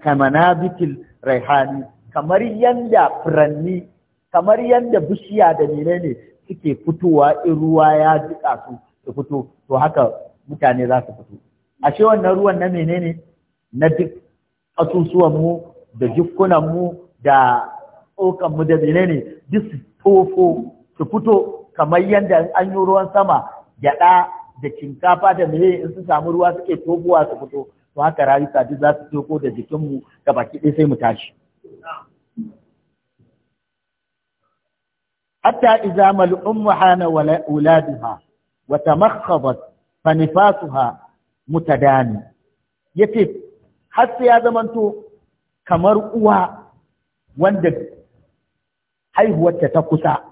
Speaker 1: kamanabitil raihani kamar yanda furanni kamar yanda bishiya da menene suke fitowa in ruwa ya jika su su fito to haka mutane za su fito ashe wannan ruwan na menene na duk asusuwan mu da jikunan da tsokan mu da menene duk su tofo su fito kamar yanda an yi ruwan sama gyaɗa da shinkafa da meye in su samu ruwa suke tobuwa su fito to haka rayuka duk za su toko da jikinmu ga baki ɗaya sai mu tashi hatta iza mal ummu hana wala uladuha wa tamakhadat fa nifasuha mutadani yace har sai ya zamanto kamar uwa wanda haihuwarta ta kusa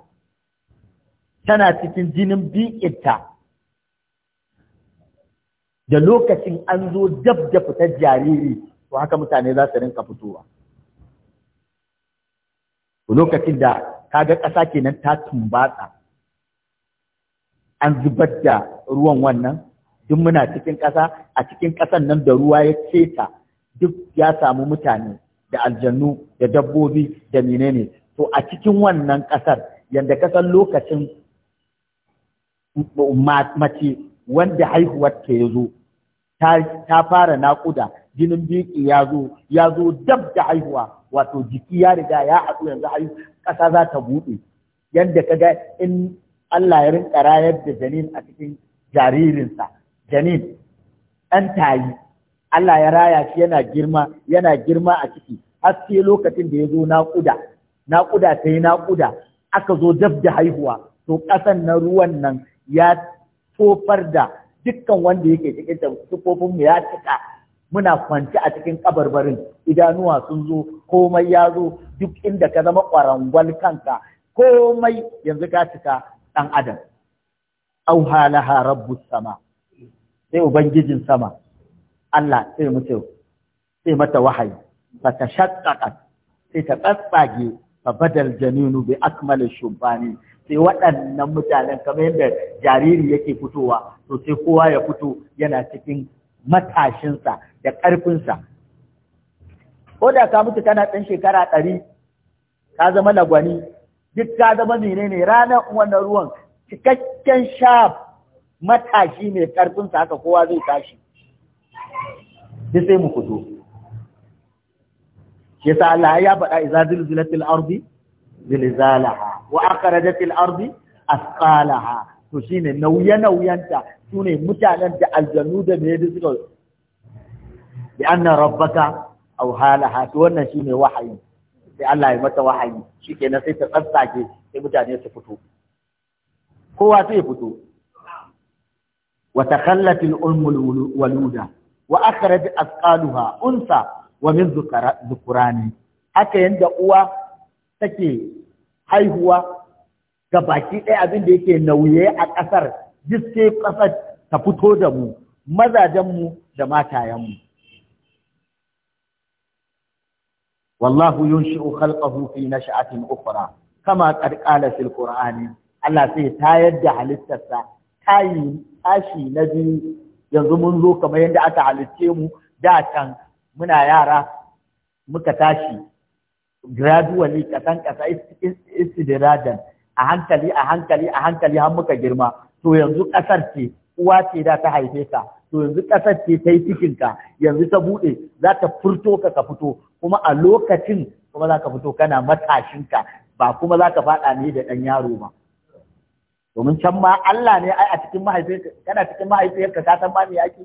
Speaker 1: tana cikin jinin biƙinta. da lokacin an zo dab da fitar jariri to haka mutane za su rinka fitowa lokacin da kaga ƙasa kenan ta tumbatsa an zubar da ruwan wannan duk muna cikin ƙasa a cikin ƙasan nan da ruwa ya keta, duk ya samu mutane da aljannu da dabbobi da menene to a cikin wannan ƙasar yadda kasan lokacin mace wanda haihuwar ta ya zo ta fara naƙuda jinin biki ya zo ya zo dab da haihuwa wato jiki ya riga ya haɗu yanzu haihu ƙasa za ta buɗe yadda ka ga in Allah ya rinka rayar da janin a cikin jaririnsa janin ɗan tayi Allah ya raya shi yana girma yana girma a ciki har lokacin da ya zo naƙuda naƙuda ta yi naƙuda aka zo dab da haihuwa to ƙasan na ruwan nan ya tsofar da dukkan wanda yake cikin ta mu ya cika muna kwanci a cikin kabarbarin idanuwa sun zo komai ya zo duk inda ka zama kwarangwal kanka komai yanzu ka cika dan adam au halaha rabbus sama sai ubangijin sama Allah sai mu sai mata wahayi fa tashaqqaqat sai ta tsatsage fa badal janinu bi akmali shubani sai waɗannan mutanen kamar yadda jariri yake fitowa to sai kowa ya fito yana cikin matashinsa da ƙarfinsa ko da ka mutu kana ɗan shekara ɗari ka zama lagwani duk ka zama ne ranar wannan ruwan cikakken sha matashi mai ƙarfinsa haka kowa zai tashi duk sai mu fito yasa Allah ya faɗa iza zilzilatil ardi zilzalaha wa akhradat al-ardi asqalaha to shine nauye nauyanta sune mutanen da aljannu da me da suka bi anna rabbaka aw halaha to wannan shine wahayi sai Allah ya mata wahayi shikenan sai ta tsatsake sai mutane su fito kowa sai ya fito wa takhallat al-umm waluda wa akhraj asqalaha unsa wa min dhukrani haka yanda uwa take haihuwa ga baki ɗaya abin da yake nauye a ƙasar jiske ƙasar ta fito da mu mazajenmu da matayenmu wallahu yunshi'u khalqahu fi nash'atin ukhra kama qad fil qur'ani Allah sai ta yadda halittarsa ta yi tashi na biyu yanzu mun zo kamar yadda aka halicce mu da can muna yara muka tashi gradually kasan kasa isidiradan a hankali a hankali a hankali har muka girma to yanzu kasar ce uwa ce da ta haife ka to yanzu kasar ce ta yi cikin ka yanzu ta bude za ta furto ka ka fito kuma a lokacin kuma za ka fito kana matashin ka ba kuma za ka faɗa ne da ɗan yaro ba domin can ma Allah ne ai a cikin mahaifiyarka kana cikin mahaifiyarka ka san ma me yake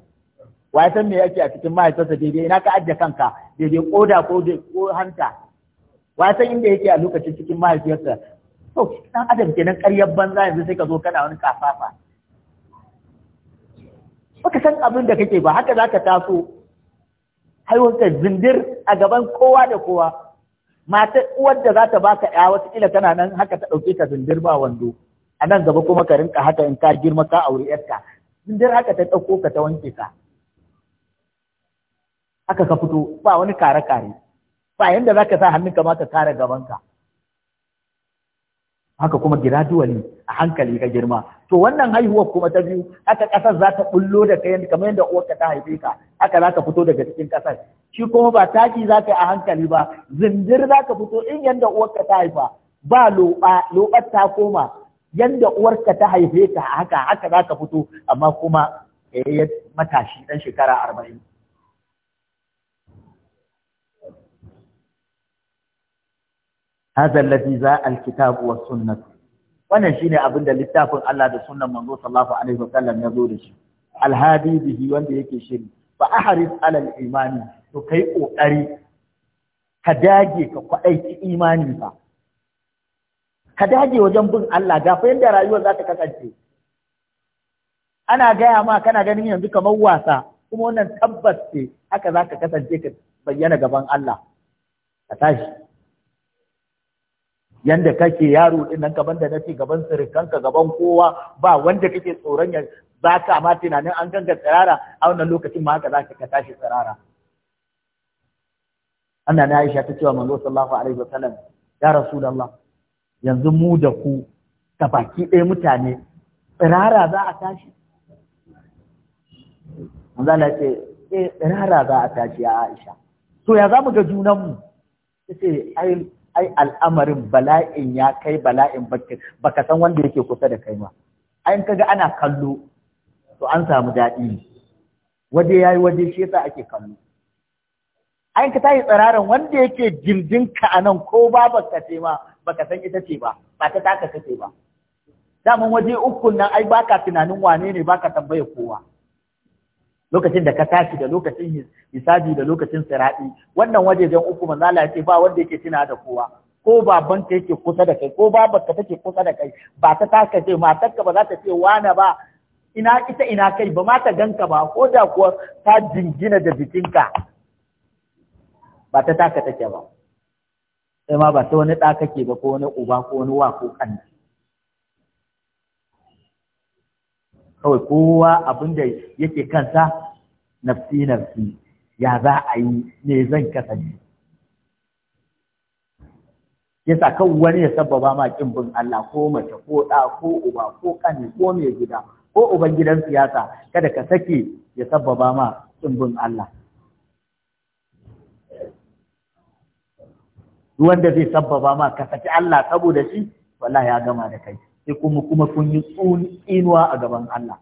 Speaker 1: wa san me yake a cikin mahaifinsa daidai ina ka ajiye kanka daidai koda ko hanta wasan inda yake a lokacin cikin mahaifiyarsa to dan adam kenan ƙaryar banza yanzu sai ka zo kana wani kafafa baka san abin da kake ba haka zaka taso haihuwarka zindir a gaban kowa da kowa matar uwar da za ta baka ya wata kila tana nan haka ta ɗauke ka zindir ba wando a nan gaba kuma ka rinka haka in ka girma ka aure yarka zindir haka ta ɗauko ka ta wanke ka haka ka fito ba wani kare-kare ba za zaka sa hannunka ma ka kare gabanka haka kuma gradually a hankali ka girma to wannan haihuwar kuma ta biyu haka ƙasar za ta bullo da kai kamar yadda uwarka ta haife ka haka za ka fito daga cikin ƙasar shi kuma ba taki za ka yi a hankali ba zindir za ka fito in yadda uwarka ta haifa ba loɓar ta koma yadda uwarka ta haife ka haka haka za ka fito amma kuma eh, matashi ɗan shekara arba'in hadha alladhi za alkitab was sunnah wannan shine abin da littafin Allah da sunnan manzo sallallahu alaihi Sallam ya zo da shi alhadi bihi wanda yake shiri fa ahris ala al-imani to kai kokari ka dage ka kwadaici imani fa ka dage wajen bin Allah ga fa yanda rayuwar za ta kasance ana gaya ma kana ganin yanzu kamar wasa kuma wannan tabbas ce haka za ka kasance ka bayyana gaban Allah ka tashi yanda kake yaro din nan gaban da nake gaban sirikanka gaban kowa ba wanda kake tsoron ya za ka ma tunanin an ganga tsirara a wannan lokacin ma haka za ka tashi tsirara anna na Aisha ta cewa manzo sallallahu alaihi wasallam ya rasulullah yanzu mu da ku ta baki ɗaya mutane tsirara za a tashi manzo Allah ce eh tsirara za a tashi ya Aisha to ya zamu ga junan mu sai ai ai al'amarin bala'in ya kai bala'in baka san wanda yake kusa da kai ma ai in kaga ana kallo to an samu daɗi ne waje yayi waje shi yasa ake kallo ai ka tayi tsararan wanda yake gindinka ka anan ko ba baka ce ma baka san ita ce ba ba ta taka kace ba daman waje ukun nan ai baka tunanin wane ne baka tambaye kowa lokacin da ka tashi da lokacin hisabi da lokacin siradi wannan wajejen uku manzo Allah yace ba wanda yake tuna da kowa ko ka yake kusa da kai ko baban ka take kusa da kai ba ta taka ce ka ba za ta ce wani ba ina ita ina kai ba ma ta ganka ba ko da kuwa ta jingina da jikinka ba ta taka take ba sai ma ba ta wani ɗa kake ba ko wani uba ko wani wa ko kanta kawai kowa abin da yake kansa nafsi nafsi ya za a yi ne zan kasance yasa kan wani ya sababa ma kin bin Allah ko mace ko ɗa ko uba ko kani ko mai gida ko uban gidan siyasa kada ka sake ya sababa ma kin bin Allah wanda zai sababa ma ka saki Allah saboda shi wallahi ya gama da kai sai kuma kuma kun yi inuwa a gaban Allah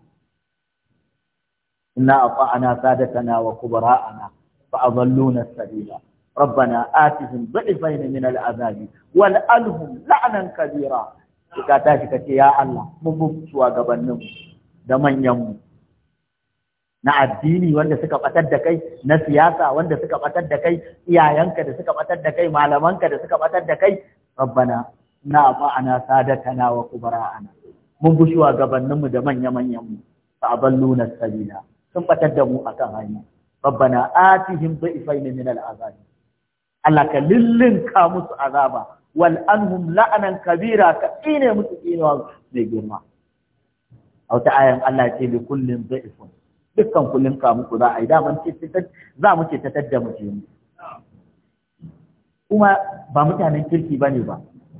Speaker 1: inna ata'ana sadatana wa kubara'ana fa adalluna sabila rabbana atihim dhifayn min al'azabi wal alhum la'nan kabira ka tashi ka ce ya Allah mun bi gabanin da manyan mu na addini wanda suka batar da kai na siyasa wanda suka batar da kai iyayenka da suka batar da kai malamanka da suka batar da kai rabbana na ba'ana sadatana wa kubara'ana mun bi gabaninmu da manya-manyanmu fa na sabila sun batar da mu akan hanya babbana atihim dhifain min al'azab Allah ka ka musu azaba wal anhum la'anan kabira ka tsine musu tsinewa mai girma a wata ayan Allah ce bi kullin dhifun dukkan kullin ka muku za a yi daman ce za mu ce ta tadda mu kuma ba mutanen kirki bane ba.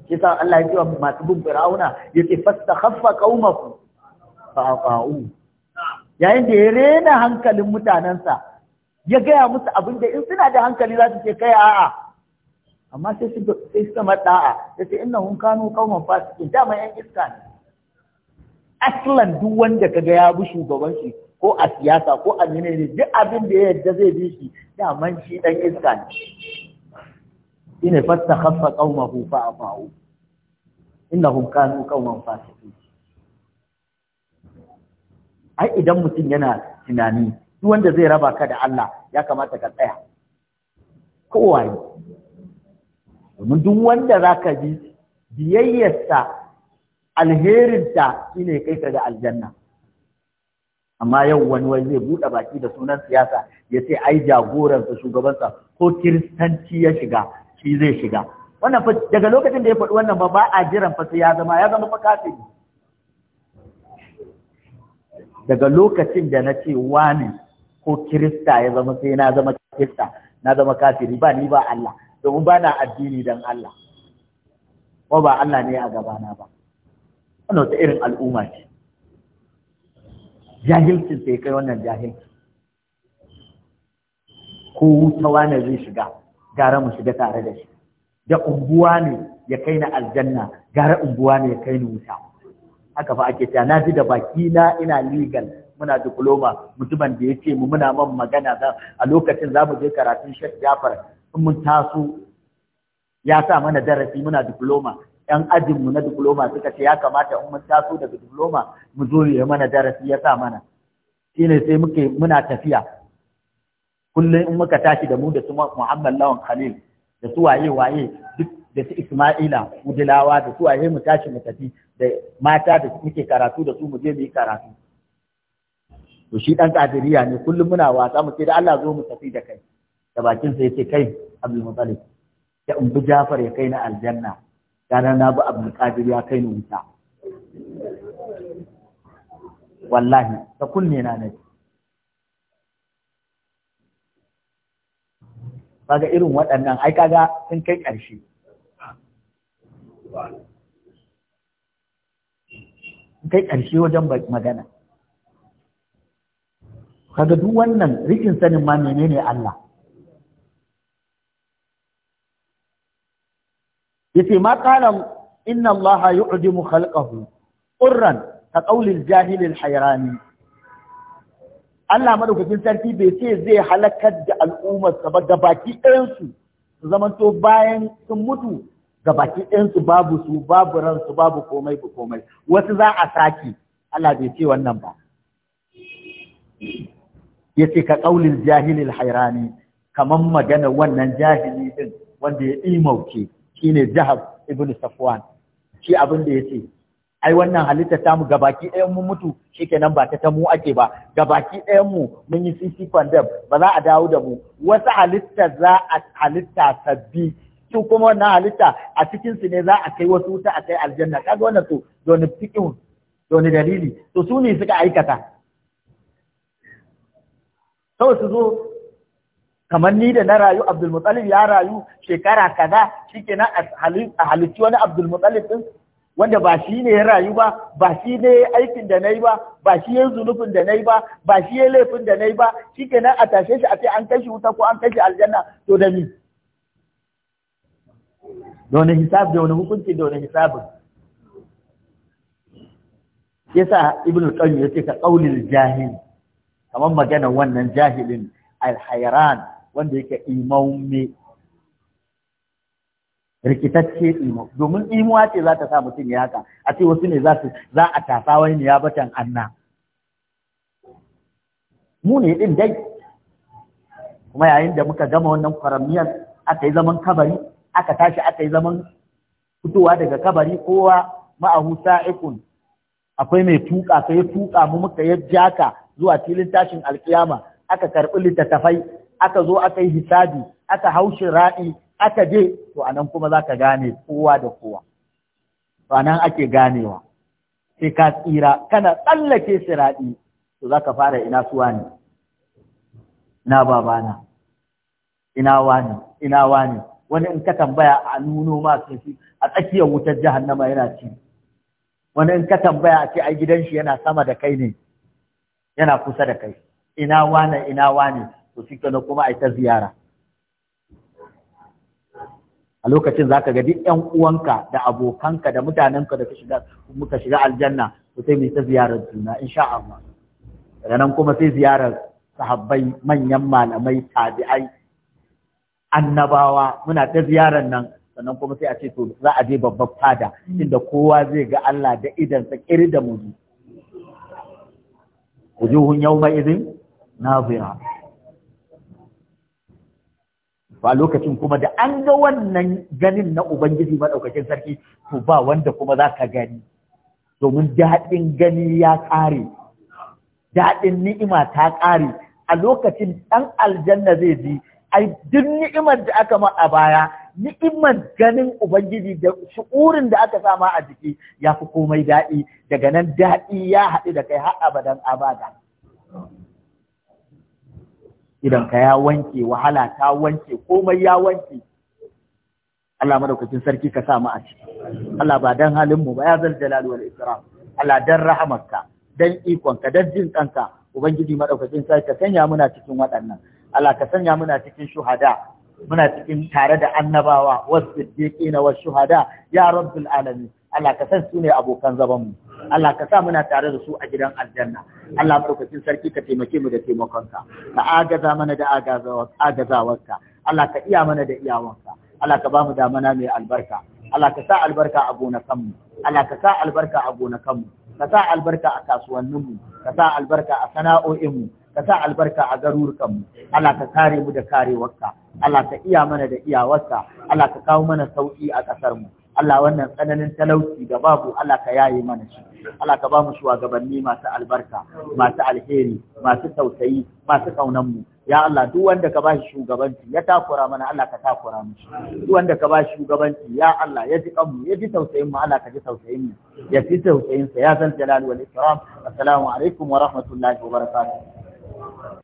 Speaker 1: yasa Allah ya ce wa masu bin Fir'auna yake fastakhaffa qaumahu fa aqa'u yayin da ya rena hankalin mutanensa ya gaya musu abin da in suna da hankali za su ce kai a'a amma sai su sai su kama da'a sai su inna hun kanu qauman fasikin dama yan iska ne aslan duk wanda kaga ya bi shugaban shi ko a siyasa ko a menene duk abin da ya yarda zai bi shi daman shi dan iska ne shine khaffa qaumahu fa afa'u innahum kanu qawman fasiqin ai idan mutum yana tunani duk wanda zai raba ka da Allah ya kamata ka tsaya kowaye domin duk wanda zaka bi biyayyarsa alherinta shine kai ka ga aljanna amma yau wani wai zai buɗe baki da sunan siyasa ya ce ai jagoransa shugabansa ko kiristanci ya shiga shi zai shiga wannan fa daga lokacin da ya faɗi wannan ba ba a jiran fa sai ya zama ya zama fakafi daga lokacin da na ce wani ko kirista ya zama sai na zama kirista na zama kafiri ba ni ba Allah domin ba na addini dan Allah ko ba Allah ne a gabana ba wannan wata irin al'umma ce jahilcin sai kai wannan jahilci ko wuta wane zai shiga gara mu shiga tare da shi da unguwa ne ya kai ni aljanna gara unguwa ne ya kai ni wuta haka fa ake cewa na ji da baki na ina legal muna diploma mutumin da ya ce mu muna man magana za a lokacin za mu je karatun Sheikh Jafar in mun taso ya sa mana darasi muna diploma yan ajinmu na diploma suka ce ya kamata in mun taso daga diploma mu zo ya mana darasi ya sa mana shine sai muke muna tafiya kullum in muka tashi da mu da su Muhammad Lawan Khalil da su waye waye duk da su Isma'ila Udilawa da su waye mu tashi mu tafi da mata da muke karatu da su mu je mu yi karatu to shi dan kadiriya ne kullum muna wasa mu ce da Allah zo mu tafi da kai da bakin sa yace kai Abdul Muttalib ya umbi Jafar ya kai na aljanna kana na bi Abdul Qadir ya kai ni wuta wallahi ta kunne na nake kaga irin waɗannan ai kaga sun kai ƙarshe kai ƙarshe wajen magana kaga duk wannan rikin sanin ma menene Allah yace ma kana inna Allah yu'dimu khalqahu qurran ka qawli jahilil hayrani Allah madaukakin sarki bai ce zai halakar da al'ummarsa ba ga baki ɗayansu su zamanto bayan sun mutu ga baki ɗayansu babu su babu ransu babu komai ba komai wasu za a sake Allah bai ce wannan ba ya ce ka ƙaunin jahilil hairani kamar magana wannan jahili din wanda ya ɗimauke shine jihar ibn safwan shi abin da ya ce ai wannan halitta ta mu gabaki ɗayan mu mutu shikenan ba ta ta mu ake ba gabaki ɗayan mu mun yi sisi kwandam ba za a dawo da mu wasu halitta za a halitta sabbi su kuma wannan halitta a cikin su ne za a kai wasu wuta a kai aljanna kaga wannan su don fikin don dalili to su ne suka aikata sau su zo kamar ni da na rayu Abdulmutsalib ya rayu shekara kaza shikenan a halicci wani Abdulmutsalib din wanda ba shi ne ya rayu ba ba shi ne aikin da na yi ba ba shi ya zunufin da na yi ba ba shi ya laifin da na yi ba shi kenan a tashe shi a ce an kashe wuta ko an kashe aljanna to da ni da wani hisab da wani hukunci da wani hisabin sa ibn qayyim ce ka ƙaunin jahil kamar magana wannan jahilin alhayran wanda yake me. rikitacce imo domin imuwa ce za ta sa mutum ya haka a ce wasu ne za za a tafa wani ya batan anna mu ne ɗin dai kuma yayin da muka gama wannan faramiyar aka yi zaman kabari aka tashi aka yi zaman fitowa daga kabari kowa ma'ahu sa'ikun akwai mai tuka sai ya tuka mu muka ya jaka zuwa filin tashin alkiyama aka karɓi littattafai aka zo aka yi hisabi aka haushi ra'i aka je to anan kuma za ka gane kowa da kowa to anan ake ganewa sai ka tsira kana tsallake siraɗi to za ka fara ina suwa ne ina babana ina wani ina wani wani in ka tambaya a nuno ma sun shi a tsakiyar wutar jahannama yana ci wani in ka tambaya a ce ai gidan shi yana sama da kai ne yana kusa da kai ina wani, ina wani. to shi kuma ai ta ziyara a lokacin zaka ga duk ƴan uwanka da abokanka da mutanenka da shiga muka shiga aljanna to sai mu ta ziyarar juna insha Allah daga nan kuma sai ziyarar sahabbai manyan malamai tabi'ai annabawa muna ta ziyarar nan sannan kuma sai a ce to za a je babban fada inda kowa zai ga Allah da idan sa kiri da mu wujuhun yawma idin nazira ba lokacin kuma da an ga wannan ganin na ubangiji maɗaukacin sarki to ba wanda kuma za ka gani domin daɗin gani ya ƙare daɗin ni'ima ta ƙare a lokacin ɗan aljanna zai ji ai duk ni'imar da aka ma a baya ni'imar ganin ubangiji da shu'urin da aka sama a jiki ya fi komai daɗi daga nan daɗi ya haɗu da kai har abadan abada idan ka ya wanke wahala ta wanke komai ya wanke Allah madaukakin sarki ka sa mu a ciki Allah ba dan halin mu ba ya zal jalal wal ikram Allah dan rahamarka dan ikon ka dan jin kanka ubangiji madaukakin sarki ka sanya muna cikin waɗannan Allah ka sanya muna cikin shuhada muna cikin tare da annabawa wasu wa shuhada ya rabbul alamin Allah ka san su ne abokan zaban mu Allah ka sa muna tare da su a gidan aljanna Allah madaukakin sarki ka taimake mu da taimakonka ka agaza mana da agazawarka Allah ka iya mana da iyawanka Allah ka ba mu damana mai albarka Allah ka sa albarka a gonakanmu Allah ka sa albarka a gonakanmu ka sa albarka a mu. ka sa albarka a sana'o'inmu ka sa albarka a mu Allah ka kare mu da karewarka Allah ka iya mana da iyawarka Allah ka kawo mana sauki a ƙasarmu Allah wannan tsananin talauci da babu Allah ka yaye mana shi Allah ka ba mu shugabanni masu albarka masu alheri masu tausayi masu kaunan mu ya Allah duk wanda ka bashi shugabanci ya takura mana Allah ka takura mu duk wanda ka bashi shugabanci ya Allah ya ji kanmu ya ji tausayin mu Allah ka ji tausayin mu ya ji tausayin sa ya san jalal wal ikram assalamu alaikum wa rahmatullahi wa barakatuh